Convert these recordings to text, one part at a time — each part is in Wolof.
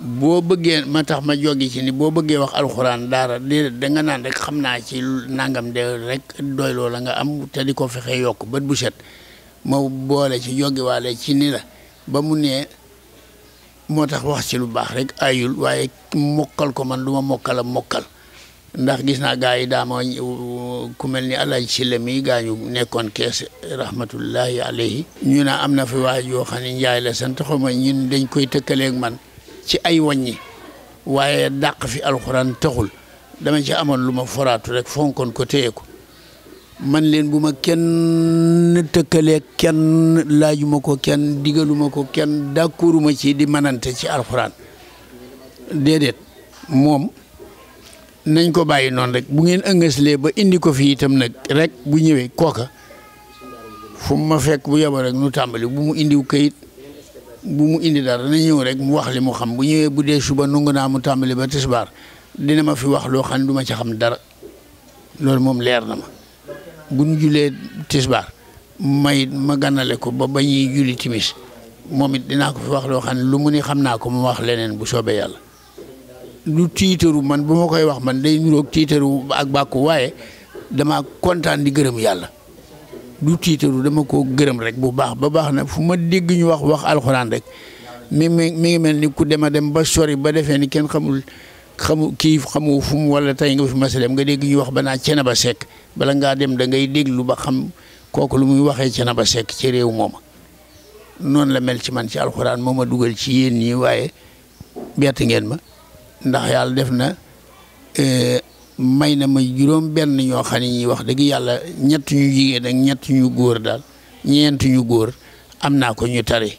boo bëggee ma tax ma joggi ci ni boo bëggee wax alxuraan daara déedéet da naan rek xam naa ci nangam de rek doy loo la nga am te di ko fexe yokk bët bu set ma boole ci joggiwaale ci ni la ba mu nee moo tax wax ci lu baax rek ayul waaye mokkal ko man du ma mokkal a mokkal ndax gis naa gaa yi daama ku mel ni alaaji silla mi gaa gaañu nekkoon kees rahmatullahi alayhi ñu naa am na fi waay yoo xam ne njaay la sant xaw ma ñun dañ koy tëkkaleeg man ci ay wàññi waaye dàq fi alxuraan taxul dama ci amoon lu ma foraatu rek fonkoon ko téye ko man leen bu ma kenn tëkkalee kenn laajuma ko kenn digaluma ko kenn dàkkuuruma ci di manante ci alxuraan déedéet moom nañ ko bàyyi noonu rek bu ngeen ëngaslee ba indi ko fii itam nag rek bu ñëwee kooka fu ma fekk bu yaba rek nu tàmbali bu mu indiw kayit bu mu indi dara na ñëw rek mu wax li mu xam bu ñëwee bu dee suba nangu naa mu tàmbali ba tisbaar dina ma fi wax loo xam ne du ma ci xam dara loolu moom leer na ma bu ñu julee tisbaar may ma gànnale ko ba ba ñuy julli timis moom it dinaa ko fi wax loo xam ne lu mu ni xam naa ko mu wax leneen bu soobee yàlla lu tiitaru man bu ma koy wax man day nuroog tiitaru ak bàkku waaye dama kontaan di gërëm yàlla du tiitaru dama koo gërëm rek bu baax ba baax na fu ma dégg ñu wax wax alxuraan rek mi mi mi ngi mel ni ku dem a dem ba sori ba defee ni kenn xamul xamu kii xamu fum mu wala tey nga fi mas dem nga dégg ñu wax ba naa cene ba sekk bala ngaa dem da ngay déglu ba xam kooku lu muy waxee cene ba sekk ci réew mooma noonu la mel ci man ci alxuraan moom ma dugal ci yéen ñi waaye bett ngeen ma ndax yàlla def na eh, may na ma juróom benn ñoo xam ne ñi wax dëgg yàlla ñett ñu jigéen ak ñett ñu góor daal ñeent ñu góor am naa ko ñu tare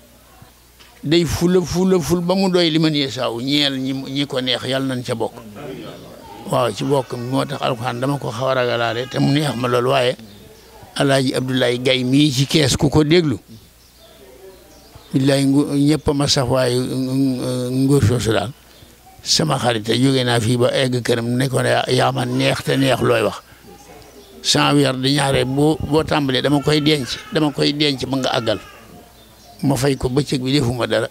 day fula fula ful ba mu doy li man yeesaaw ñeel ñi ñi ko neex yàlla nañ ca bokk waaw ci bokk moo tax alxuraan dama ko xaw te mu neex ma loolu waaye alaaji Abdoulaye gay mii ci kees ku ko déglu billaay ñëpp a ma saf waaye ngóor soosu daal sama xarit te jóge naa fii ba egg këram ne ko yaa neex te neex looy wax sans weer di ñaare boo boo tàmbalee dama koy denc dama koy denc ba nga àggal ma fay ko ba bëccëg bi defuma dara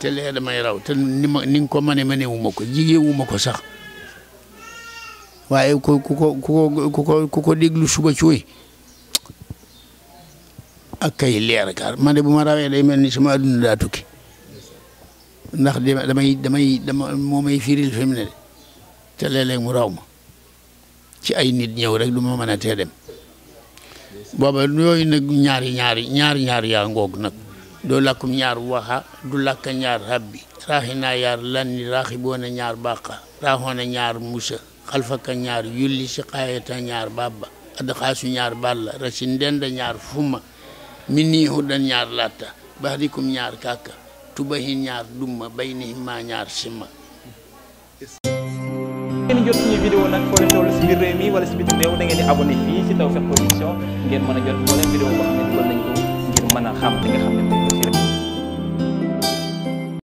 te lee damay raw te ni ko mane mëne wu ko jigéen wu ma ko sax waaye ku ku ko ku ko déglu suba cuuy ak kay leer kaar man bu ma rawee day mel ni sama adduna daa tukki ndax damay damay dama moo may firil fi ne te léeg-léeg mu raw ma ci ay nit ñëw rek du ma mën a tee dem booba yooyu nag ñaari ñaar ñaar ñaar yaa ngoog nag doo làkkum ñaar waxa du lakk ñaar rabbi raaxi naa yaar lanni raaxi ñaar bàqa raaxoona ñaar musa xalfaka ñaar yulli si xaayata ñaar babba ad xaasu ñaar balla rasi ndenda ñaar fuma mi niihu ñaar latta baxdikum ñaar kàkka tubahi ñaar dumma bay ni ma ñaar simma ngeen jot suñu vidéo nag foo leen toll si biir réew mi wala si biti réew da ngeen di abonné fii si Tawfekh Production ngeen mën a jot moo leen vidéo boo xam ne dugal nañ mën a xam